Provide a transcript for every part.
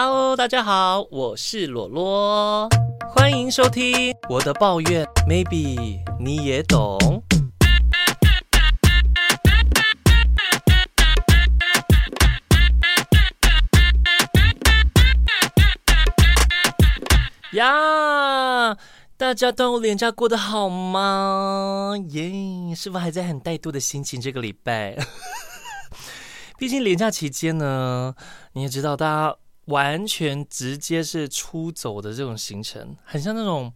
Hello, 大家好，我是羅羅，歡迎收聽我的抱怨。Maybe 你也懂。呀、yeah，大家端午連假過得好嗎？耶、yeah，是不是還在很怠惰的心情？這個禮拜， 畢竟連假期間呢，你也知道大家。完全直接是出走的這種行程，很像那種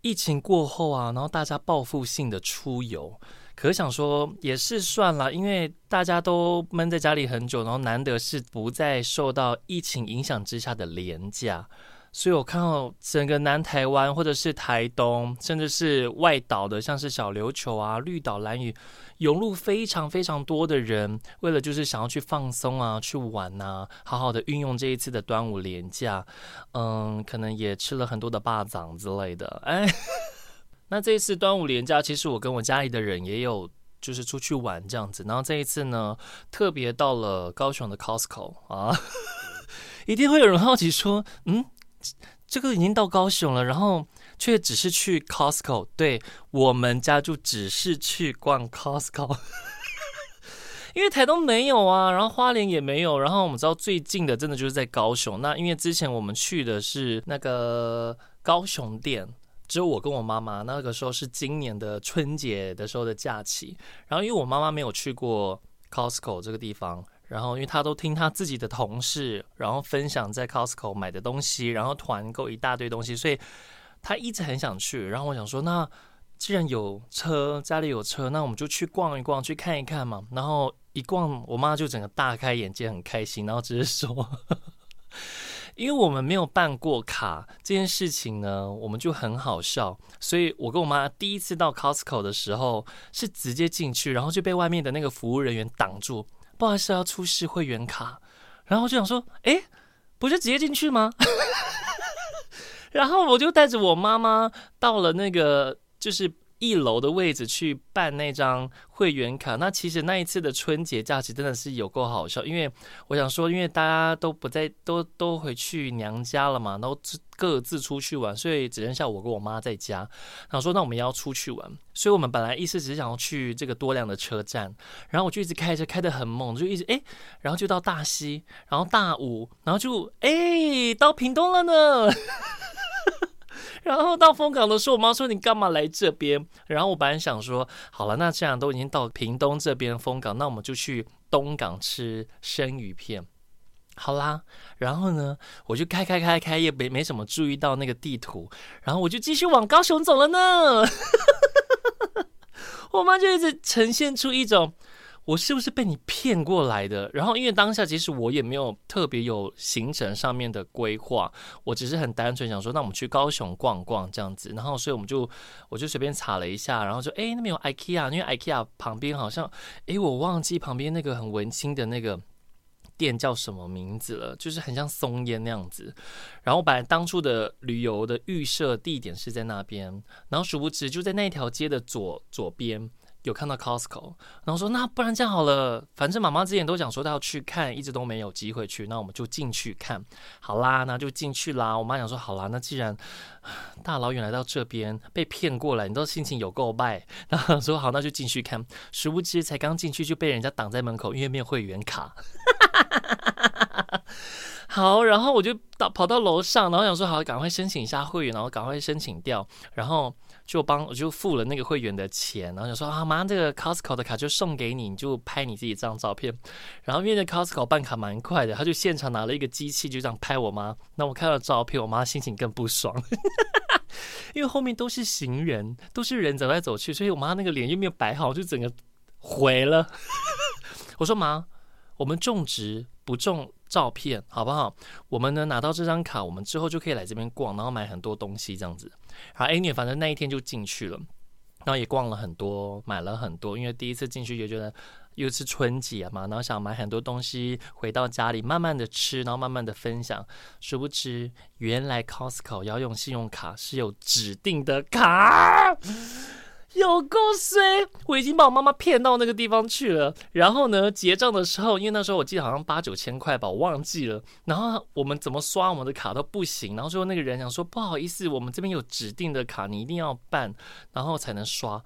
疫情過後啊，然後大家報復性的出遊。可想說也是算了，因為大家都悶在家裡很久，然後難得是不再受到疫情影響之下的連假。所以我看到整個南台灣，或者是台東，甚至是外島的，像是小琉球啊、綠島、蘭嶼，湧入非常非常多的人，為了就是想要去放鬆啊、去玩吶、啊，好好的運用這一次的端午連假，嗯，可能也吃了很多的霸掌之類的。哎，那這一次端午連假，其實我跟我家裡的人也有就是出去玩這樣子，然後這一次呢，特別到了高雄的 Costco 啊，一定會有人好奇說，嗯。這個已經到高雄了，然後卻只是去 Costco，對，我們家就只是去逛 Costco， 因為台東沒有啊，然後花蓮也沒有，然後我們知道最近的真的就是在高雄。那因為之前我們去的是那個高雄店，只有我跟我媽媽，那個時候是今年的春節的時候的假期，然後因為我媽媽沒有去過 Costco 這個地方。然後，因為他都聽他自己的同事，然後分享在 Costco 買的東西，然後團購一大堆東西，所以他一直很想去。然後我想說，那既然有車，家裡有車，那我們就去逛一逛，去看一看嘛。然後一逛，我媽就整個大開眼界，很開心。然後直接說，呵呵因為我們沒有辦過卡，這件事情呢，我們就很好笑。所以我跟我媽第一次到 Costco 的時候，是直接進去，然後就被外面的那個服務人員擋住。不好意思、啊，要出示會員卡，然後我就想說，哎、欸，不就直接進去嗎？ 然後我就帶着我媽媽到了那個，就是。一樓的位置去辦那張會員卡，那其實那一次的春節假期真的是有夠好笑，因為我想說，因為大家都不在，都都回去娘家了嘛，然後各自出去玩，所以只剩下我跟我媽在家。然後說，那我們要出去玩，所以我們本來意思只是想要去這個多良的車站，然後我就一直開車開得很猛，就一直哎、欸，然後就到大西，然後大武，然後就哎、欸、到屏東了呢。然後到楓港的時候，我媽說：“你幹嘛來這邊？”然後我本來想說：“好了，那這樣都已經到屏東這邊，楓港，那我們就去東港吃生魚片。”好啦，然後呢，我就開開開開，也沒沒什麼注意到那個地圖，然後我就繼續往高雄走了呢。 我媽就一直呈現出一種。我是不是被你騙過來的？然後因為當下其實我也沒有特別有行程上面的規劃，我只是很單純想說，那我們去高雄逛逛這樣子。然後所以我們就我就隨便查了一下，然後就誒那邊有 IKEA，因為 IKEA 旁邊好像，誒我忘記旁邊那個很文青的那個店叫什麼名字了，就是很像松煙那樣子。然後本來當初的旅遊的預設地點是在那邊，然後殊不知就在那一條街的左左邊，有看到 Costco，然後說那不然這樣好了，反正媽媽之前都想說她要去看，一直都沒有機會去，那我們就進去看，好啦，那就進去啦。我媽講說好啦，那既然大老遠來到這邊被騙過來，你都心情有夠敗，那說好那就進去看。殊不知才剛進去就被人家擋在門口，因為沒有會員卡。 好，然後我就到跑到樓上，然後想說好，趕快申請一下會員，然後趕快申請掉，然後。就幫我就付了那個會員的錢，然後就說啊，媽，這個 Costco 的卡就送給你，你就拍你自己這張照片。然後因為這 Costco 辦卡蠻快的，他就現場拿了一個機器就這樣拍我媽。那我看到的照片，我媽心情更不爽， 因為後面都是行人，都是人走來走去，所以我媽那個臉又沒有擺好，就整個毀了。 我說媽，我們種植不種照片，好不好？我們能拿到這張卡，我們之後就可以來這邊逛，然後買很多東西這樣子。然後 a n 反正那一天就進去了，然後也逛了很多，買了很多，因為第一次進去也覺得又是春節嘛，然後想買很多東西回到家裡慢慢的吃，然後慢慢的分享。殊不知原來 Costco 要用信用卡是有指定的卡。有夠衰！我已經把我媽媽騙到那個地方去了。然後呢，結賬的時候，因為那時候我記得好像八九千塊吧，我忘記了。然後我們怎麼刷我們的卡都不行。然後最後那個人想說：“不好意思，我們這邊有指定的卡，你一定要辦，然後才能刷。”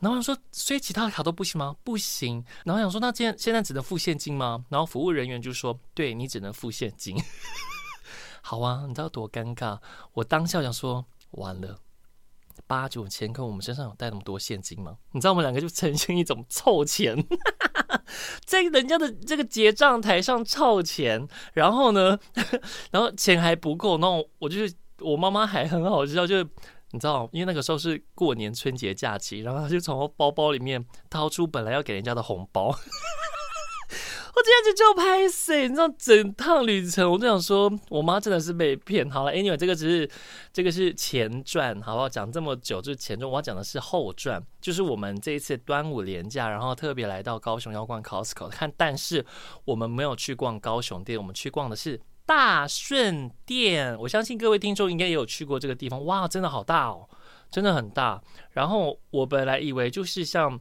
然後想說：“所以其他的卡都不行嗎？”“不行。”然後想說：“那現現在只能付現金嗎？”然後服務人員就說：“對你只能付現金。 ”好啊，你知道多尷尬！我當下想說：“完了。”八九千塊我們身上有帶那麼多現金嗎？你知道我們兩個就呈現一種湊錢， 在人家的這個結賬台上湊錢，然後呢，然後錢還不夠，那我就是我媽媽還很好笑，就是你知道，因為那個時候是過年春節假期，然後她就從包包裡面掏出本來要給人家的紅包。我今天就就拍誰，你知道整趟旅程，我就想說，我媽真的是被騙。好了，Anyway，這個只是這個是前傳，好不好？講這麼久就是前傳，我要講的是後傳，就是我們這一次端午連假，然後特別來到高雄要逛 Costco 看，但是我們沒有去逛高雄店，我們去逛的是大順店。我相信各位聽眾應該也有去過這個地方，哇，真的好大哦，真的很大。然後我本來以為就是像。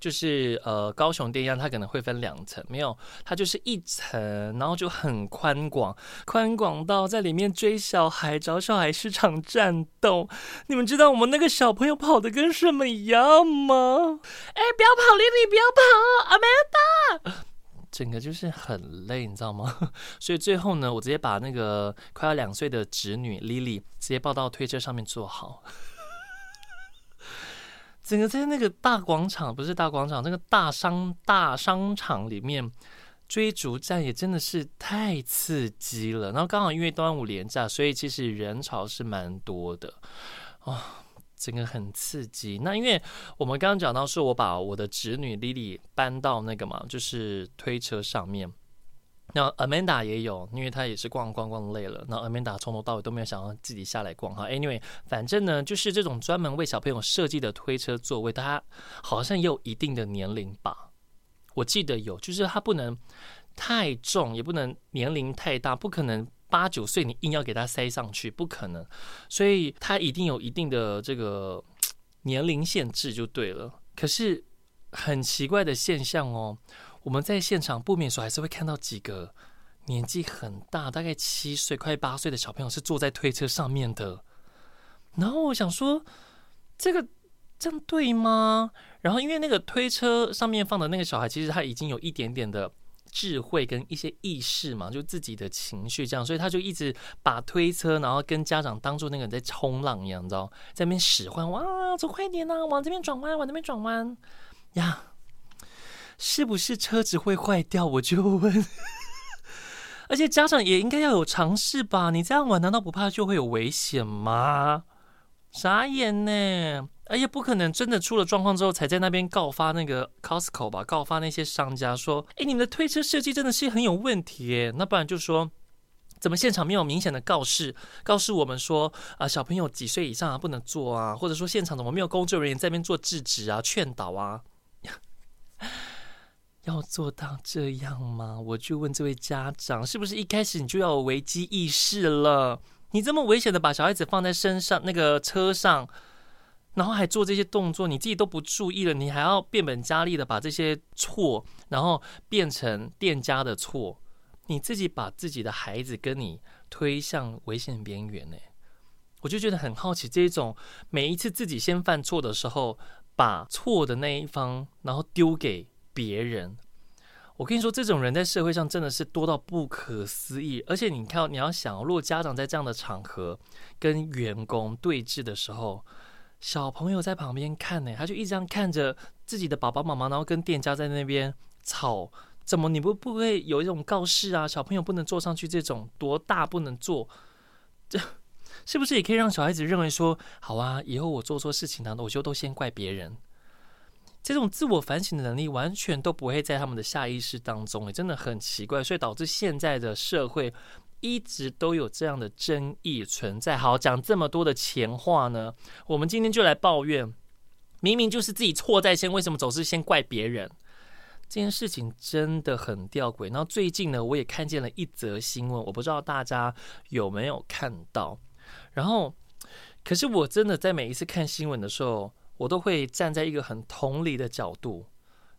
就是呃，高雄店一樣，它可能會分兩層，沒有，它就是一層，然後就很寬廣，寬廣到在裡面追小孩，找小孩是場戰鬥。你們知道我們那個小朋友跑得跟什麼一樣嗎？哎，不要跑，Lily，不要跑，Amanda。整個就是很累，你知道嗎？所以最後呢，我直接把那個快要兩歲的侄女 Lily 直接抱到推車上面坐好。整個在那個大廣場，不是大廣場，那個大商大商場裡面，追逐戰也真的是太刺激了。然後剛好因為端午連假，所以其實人潮是蠻多的，哦，真的很刺激。那因為我們剛剛講到說，是我把我的侄女 Lily 搬到那個嘛，就是推車上面。那 Amanda 也有，因為他也是逛逛逛累了。那 Amanda 從頭到尾都沒有想要自己下來逛哈。Anyway，反正呢，就是這種專門為小朋友設計的推車座位，它好像也有一定的年齡吧。我記得有，就是它不能太重，也不能年齡太大，不可能八九歲你硬要給他塞上去，不可能。所以它一定有一定的這個年齡限制就對了。可是很奇怪的現象哦。我們在現場不免說，還是會看到幾個年紀很大，大概七歲快八歲的小朋友是坐在推車上面的。然後我想說，這個這樣對嗎？然後因為那個推車上面放的那個小孩，其實他已經有一點點的智慧跟一些意識嘛，就自己的情緒這樣，所以他就一直把推車，然後跟家長當做那個人在衝浪一樣，你知道，在那邊使喚，哇，走快點吶、啊，往這邊轉彎，往那邊轉彎呀。Yeah. 是不是車子會壞掉？我就問， 而且家長也應該要有嘗試吧？你這樣玩，難道不怕就會有危險嗎？傻眼呢！哎呀，不可能，真的出了狀況之後才在那邊告發那個 Costco 吧？告發那些商家說：“哎、欸，你們的推車設計真的是很有問題。”那不然就說，怎麼現場沒有明顯的告示，告訴我們說啊、呃，小朋友幾歲以上啊不能坐啊？或者說現場怎麼沒有工作人員在那邊做制止啊、勸導啊？ 要做到這樣嗎？我就問這位家長，是不是一開始你就要有危機意識了？你這麼危險的把小孩子放在身上那個車上，然後還做這些動作，你自己都不注意了，你還要變本加厲的把這些錯，然後變成店家的錯，你自己把自己的孩子跟你推向危險的邊緣呢、欸？我就覺得很好奇，這種每一次自己先犯錯的時候，把錯的那一方，然後丟給別人，我跟你說，這種人在社會上真的是多到不可思議。而且你看，你要想，如果家長在這樣的場合跟員工對峙的時候，小朋友在旁邊看呢，他就一直這樣看着自己的爸爸媽媽，然後跟店家在那邊吵。怎麼你不不會有一種告示啊？小朋友不能坐上去，這種多大不能坐？這是不是也可以讓小孩子認為說，好啊，以後我做錯事情呢，我就都先怪別人？這種自我反省的能力完全都不會在他們的下意識當中，也真的很奇怪，所以導致現在的社會一直都有這樣的爭議存在。好，講這麼多的閒話呢，我們今天就來抱怨，明明就是自己錯在先，為什麼總是先怪別人？這件事情真的很吊詭。然後最近呢，我也看見了一則新聞，我不知道大家有沒有看到。然後，可是我真的在每一次看新聞的時候，我都會站在一個很同理的角度，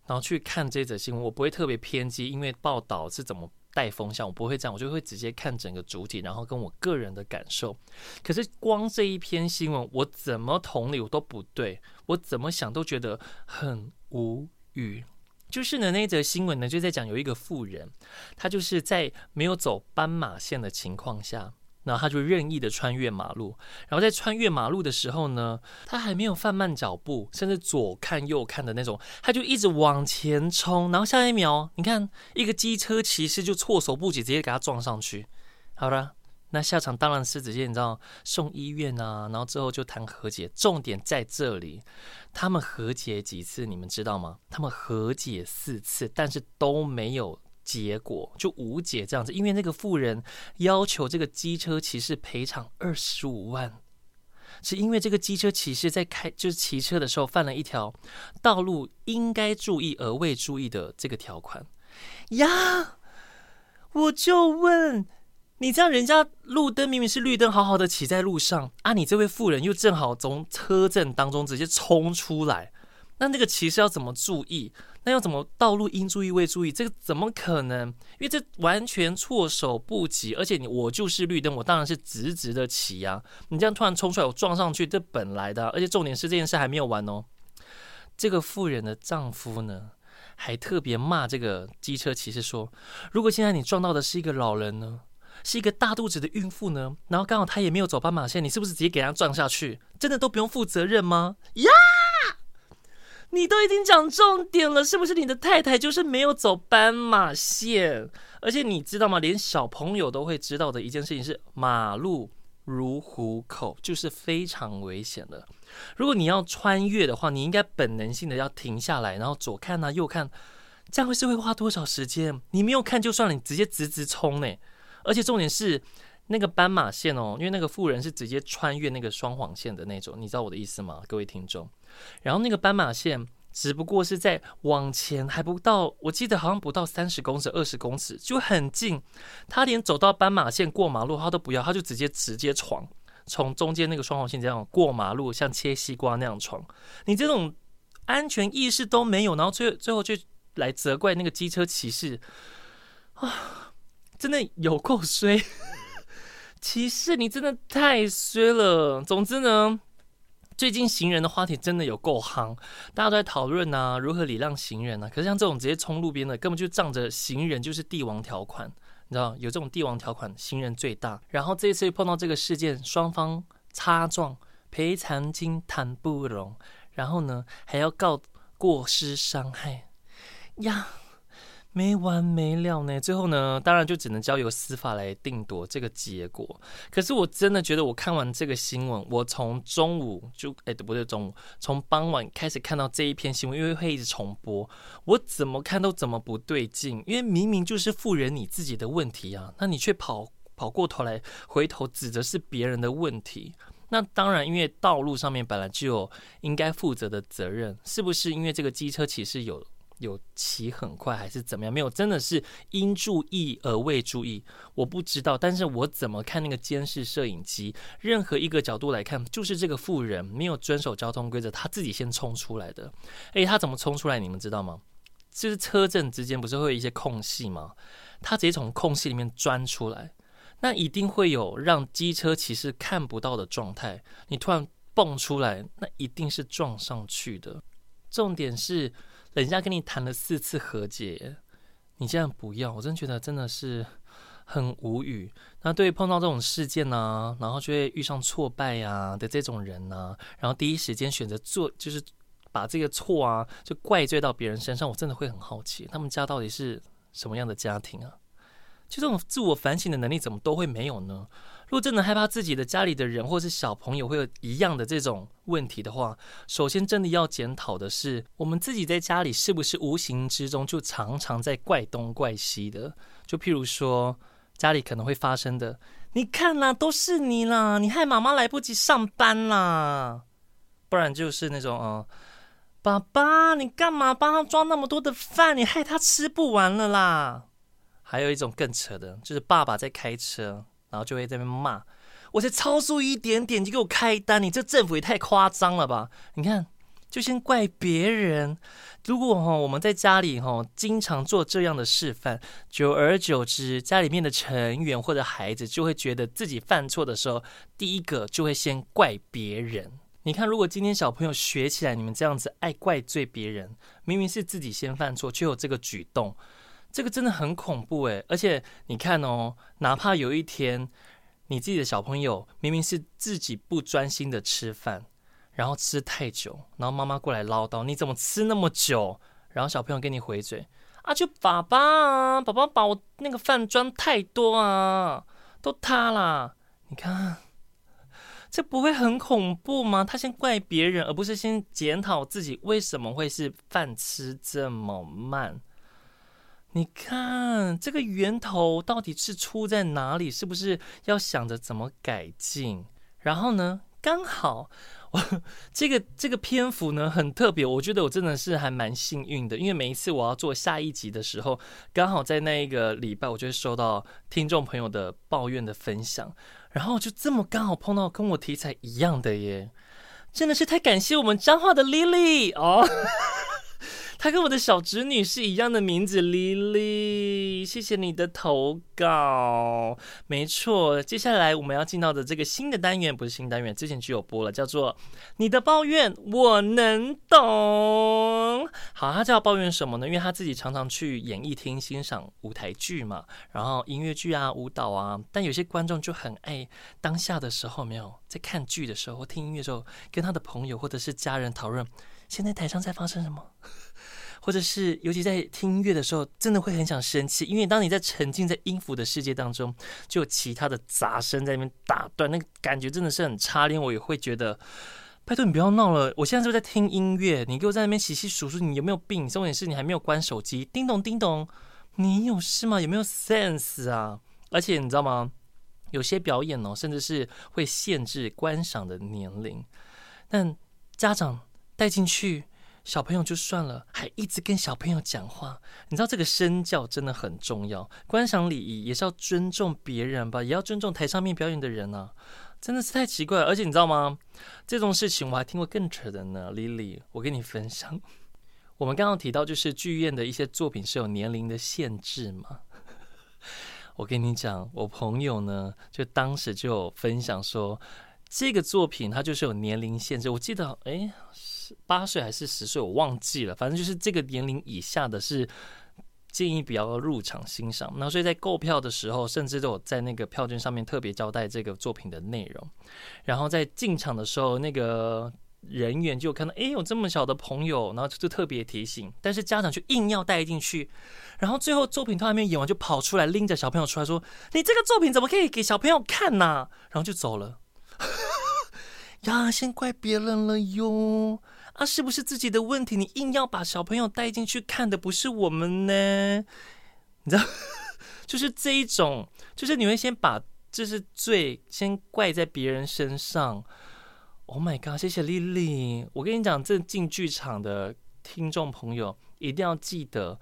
然後去看這則新聞。我不會特別偏激，因為報道是怎麼帶風向，我不會這樣。我就會直接看整個主體，然後跟我個人的感受。可是光這一篇新聞，我怎麼同理我都不對，我怎麼想都覺得很無語。就是呢，那則新聞呢，就在講有一個婦人，她就是在沒有走斑馬線的情況下，然後他就任意的穿越馬路，然後在穿越馬路的時候呢，他還沒有放慢腳步，甚至左看右看的那種，他就一直往前衝。然後下一秒，你看一個機車騎士就措手不及，直接給他撞上去。好了，那下場當然是直接你知道送醫院啊，然後之後就談和解。重點在這裡，他們和解幾次，你們知道嗎？他們和解四次，但是都沒有。結果就無解這樣子，因為那個婦人要求這個機車騎士賠償二十五萬，是因為這個機車騎士在開就是騎車的時候犯了一條道路應該注意而未注意的這個條款呀。我就問你，這樣人家路燈明明是綠燈，好好的騎在路上啊，你這位婦人又正好從車陣當中直接衝出來，那那個騎士要怎麼注意？那要怎麼道路應注意未注意？這個怎麼可能？因為這完全措手不及，而且你我就是綠燈，我當然是直直的騎啊！你這樣突然衝出來，我撞上去，這本來的啊，而且重點是這件事還沒有完哦。這個婦人的丈夫呢，還特別罵這個機車騎士說：“如果現在你撞到的是一個老人呢，是一個大肚子的孕婦呢，然後剛好他也沒有走斑馬線，你是不是直接給他撞下去？真的都不用負責任嗎？”呀、yeah!！你都已經講重點了，是不是你的太太就是沒有走斑馬線？而且你知道嗎？連小朋友都會知道的一件事情是，馬路如虎口，就是非常危險的。如果你要穿越的話，你應該本能性的要停下來，然後左看吶、啊、右看，這樣會是會花多少時間？你沒有看就算了，你直接直直衝呢、欸？而且重點是。那個斑馬線哦，因為那個婦人是直接穿越那個雙黃線的那種，你知道我的意思嗎，各位聽眾？然後那個斑馬線只不過是在往前還不到，我記得好像不到三十公尺，二十公尺就很近，他連走到斑馬線過馬路他都不要，他就直接直接闖，從中間那個雙黃線這樣過馬路，像切西瓜那樣闖。你這種安全意識都沒有，然後最最後就來責怪那個機車騎士啊，真的有夠衰。騎士你真的太衰了。總之呢，最近行人的話題真的有夠夯，大家都在討論呢、啊，如何禮讓行人呢、啊？可是像這種直接衝路邊的，根本就仗着行人就是帝王條款，你知道有這種帝王條款，行人最大。然後這一次碰到這個事件，雙方擦撞，賠償金談不攏，然後呢還要告過失傷害，呀。沒完沒了呢，最後呢，當然就只能交由司法來定奪這個結果。可是我真的覺得，我看完這個新聞，我從中午就，哎，不對，中午從傍晚開始看到這一篇新聞，因為會一直重播，我怎麼看都怎麼不對勁。因為明明就是婦人你自己的問題啊，那你卻跑跑過頭來，回頭指責是別人的問題。那當然，因為道路上面本來就有應該負責的責任，是不是？因為這個機車其實有。有騎很快還是怎麼樣？沒有，真的是應注意而未注意，我不知道。但是我怎麼看那個監視攝影機，任何一個角度來看，就是這個婦人沒有遵守交通規則，他自己先衝出來的。哎、欸，他怎麼衝出來？你們知道嗎？就是車陣之間不是會有一些空隙嗎？他直接從空隙裡面鑽出來，那一定會有讓機車騎士看不到的狀態。你突然蹦出來，那一定是撞上去的。重點是，人家跟你談了四次和解，你竟然不要，我真的覺得真的是很無語。那對於碰到這種事件呢、啊，然後就會遇上挫敗呀、啊、的這種人呢、啊，然後第一時間選擇做就是把這個錯啊就怪罪到別人身上，我真的會很好奇他們家到底是什麼樣的家庭啊？就這種自我反省的能力怎麼都會沒有呢？如果真的害怕自己的家裡的人或是小朋友會有一樣的這種問題的話，首先真的要檢討的是我們自己在家裡是不是無形之中就常常在怪東怪西的。就譬如說家裡可能會發生的，你看啦、啊，都是你啦，你害媽媽來不及上班啦。不然就是那種、哦，嗯，爸爸，你幹嘛幫他裝那麼多的飯？你害他吃不完了啦。還有一種更扯的，就是爸爸在開車。然後就會在那邊罵，我才超速一點點就給我開單，你這政府也太誇張了吧？你看，就先怪別人。如果哈、哦、我們在家裡哈、哦、經常做這樣的示範，久而久之，家裡面的成員或者孩子就會覺得自己犯錯的時候，第一個就會先怪別人。你看，如果今天小朋友學起來，你們這樣子愛怪罪別人，明明是自己先犯錯，卻有這個舉動。這個真的很恐怖哎！而且你看哦，哪怕有一天，你自己的小朋友明明是自己不專心的吃飯，然後吃太久，然後媽媽過來嘮叨：“你怎麼吃那麼久？”然後小朋友跟你回嘴：“啊，就爸爸啊，爸爸把我那個飯裝太多啊，都塌了。”你看，這不會很恐怖嗎？他先怪別人，而不是先檢討自己為什麼會是飯吃這麼慢。你看這個源頭到底是出在哪裡？是不是要想着怎麼改進？然後呢，剛好我這個這個篇幅呢很特別，我覺得我真的是還蠻幸運的，因為每一次我要做下一集的時候，剛好在那一個禮拜，我就會收到聽眾朋友的抱怨的分享，然後就這麼剛好碰到跟我題材一樣的耶，真的是太感謝我們彰化的 Lily 哦。 他跟我的小侄女是一樣的名字，Lily。謝謝你的投稿，沒錯。接下來我們要進到的這個新的單元，不是新單元，之前就有播了，叫做“你的抱怨我能懂”。好，他就要抱怨什麼呢？因為他自己常常去演藝廳欣賞舞台劇嘛，然後音樂劇啊、舞蹈啊。但有些觀眾就很愛當下的時候沒有在看劇的時候、聽音樂的時候，跟他的朋友或者是家人討論現在台上在發生什麼？或者是，尤其在聽音樂的時候，真的會很想生氣，因為當你在沉浸在音符的世界當中，就有其他的雜聲在那邊打斷，那個感覺真的是很差。連我也會覺得，拜托你不要鬧了，我現在就在聽音樂，你給我在那邊窸窸窣窣，你有沒有病？重點是你還沒有關手機，叮咚叮咚，你有事嗎？有沒有 sense 啊？而且你知道嗎？有些表演哦，甚至是會限制觀賞的年齡，但家長帶進去。小朋友就算了，還一直跟小朋友講話，你知道這個身教真的很重要。觀賞禮儀也是要尊重別人吧，也要尊重台上面表演的人啊。真的是太奇怪了，而且你知道嗎？這種事情我還聽過更扯的呢，Lily，我跟你分享。 我們剛剛提到就是劇院的一些作品是有年齡的限制嘛。 我跟你講，我朋友呢就當時就有分享說，這個作品它就是有年齡限制，我記得哎，八歲還是十歲，我忘記了。反正就是這個年齡以下的是建議不要入場欣賞。那所以在購票的時候，甚至都有在那個票券上面特別交代這個作品的內容。然後在進場的時候，那個人員就看到哎，有這麼小的朋友，然後就特別提醒。但是家長就硬要帶進去，然後最後作品突然沒有演完，就跑出來拎着小朋友出來說：“你這個作品怎麼可以給小朋友看呢、啊？”然後就走了。呀，先怪別人了喲！啊，是不是自己的問題？你硬要把小朋友帶進去看的，不是我們呢？你知道，就是這一種，就是你會先把這、就是罪，先怪在別人身上。Oh my god！謝謝莉莉，我跟你講，這進劇場的聽眾朋友一定要記得。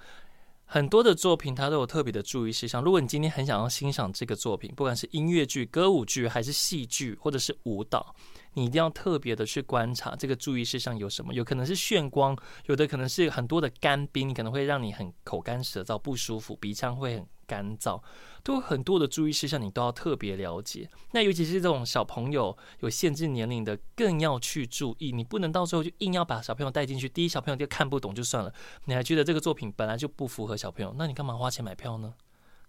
很多的作品，它都有特別的注意事項。如果你今天很想要欣賞這個作品，不管是音樂劇、歌舞劇，還是戲劇，或者是舞蹈，你一定要特別的去觀察這個注意事項有什麼。有可能是眩光，有的可能是很多的乾冰，可能會讓你很口乾舌燥、不舒服，鼻腔會很。乾燥，都有很多的注意事項，你都要特別了解。那尤其是這種小朋友有限制年齡的，更要去注意。你不能到最後就硬要把小朋友帶進去。第一，小朋友就看不懂就算了，你還覺得這個作品本來就不符合小朋友，那你幹嘛花錢買票呢？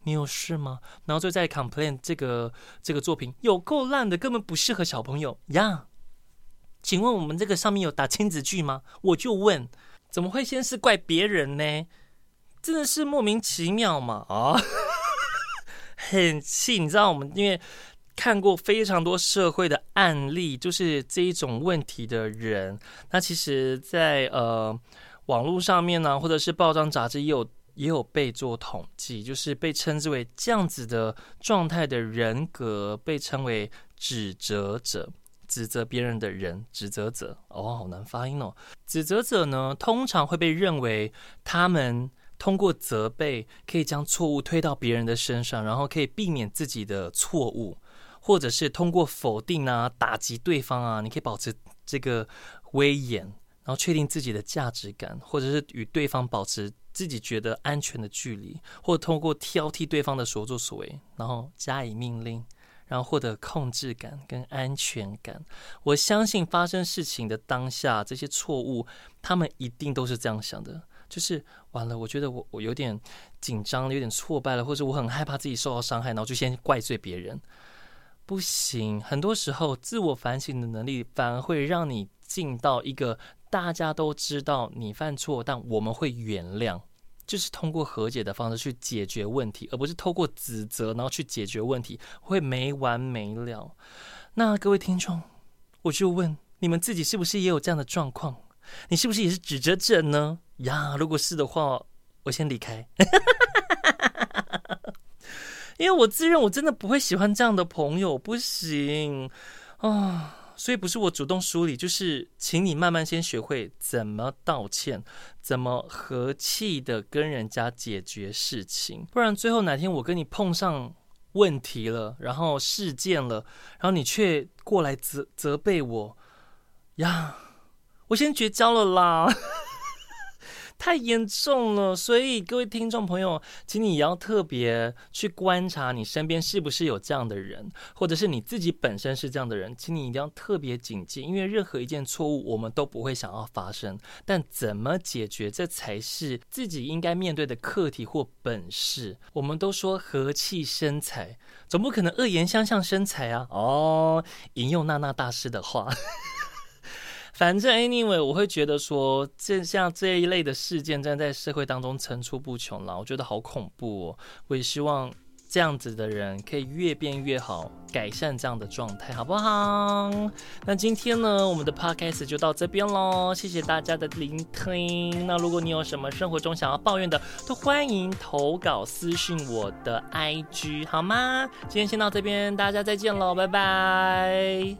你有事嗎？然後就在 complain 這個這個作品有夠爛的，根本不適合小朋友呀？Yeah! 請問我們這個上面有打親子劇嗎？我就問，怎麼會先是怪別人呢？真的是莫名其妙嘛，啊、哦，很氣！你知道，我們因為看過非常多社會的案例，就是這一種問題的人。那其實在，在呃網絡上面呢、啊，或者是報章雜誌，也有也有被做統計，就是被稱之為這樣子的狀態的人格，被稱為指責者，指責別人的人，指責者哦，好難發音哦。指責者呢，通常會被認為他們。通過責備可以將錯誤推到別人的身上，然後可以避免自己的錯誤，或者是通過否定啊、打擊對方啊，你可以保持這個威嚴，然後確定自己的價值感，或者是與對方保持自己覺得安全的距離，或通過挑剔對方的所作所為，然後加以命令，然後獲得控制感跟安全感。我相信發生事情的當下，這些錯誤他們一定都是這樣想的。就是完了，我覺得我我有點緊張了，有點挫敗了，或者我很害怕自己受到傷害，然後就先怪罪別人，不行。很多時候，自我反省的能力反而會讓你進到一個大家都知道你犯錯，但我們會原諒，就是通過和解的方式去解決問題，而不是透過指責然後去解決問題，會沒完沒了。那各位聽眾，我就問你們自己，是不是也有這樣的狀況？你是不是也是指責之人呢？呀、yeah,，如果是的話，我先離開， 因為我自認我真的不會喜歡這樣的朋友，不行啊！Oh, 所以不是我主動梳理，就是請你慢慢先學會怎麼道歉，怎麼和氣的跟人家解決事情，不然最後哪天我跟你碰上問題了，然後事件了，然後你卻過來責責備我呀。Yeah. 我先絕交了啦，太嚴重了。所以各位聽眾朋友，請你也要特別去觀察你身邊是不是有這樣的人，或者是你自己本身是這樣的人，請你一定要特別警戒，因為任何一件錯誤我們都不會想要發生。但怎麼解決，這才是自己應該面對的課題或本事。我們都說和氣生財，總不可能惡言相向生財啊！哦，引用娜娜大師的話。反正 anyway，我會覺得說，像這一類的事件，正在社會當中層出不窮了，我覺得好恐怖哦。我也希望這樣子的人可以越變越好，改善這樣的狀態，好不好？那今天呢，我們的 podcast 就到這邊嘍，謝謝大家的聆聽。那如果你有什麼生活中想要抱怨的，都歡迎投稿私訊我的 IG 好嗎？今天先到這邊，大家再見嘍，拜拜。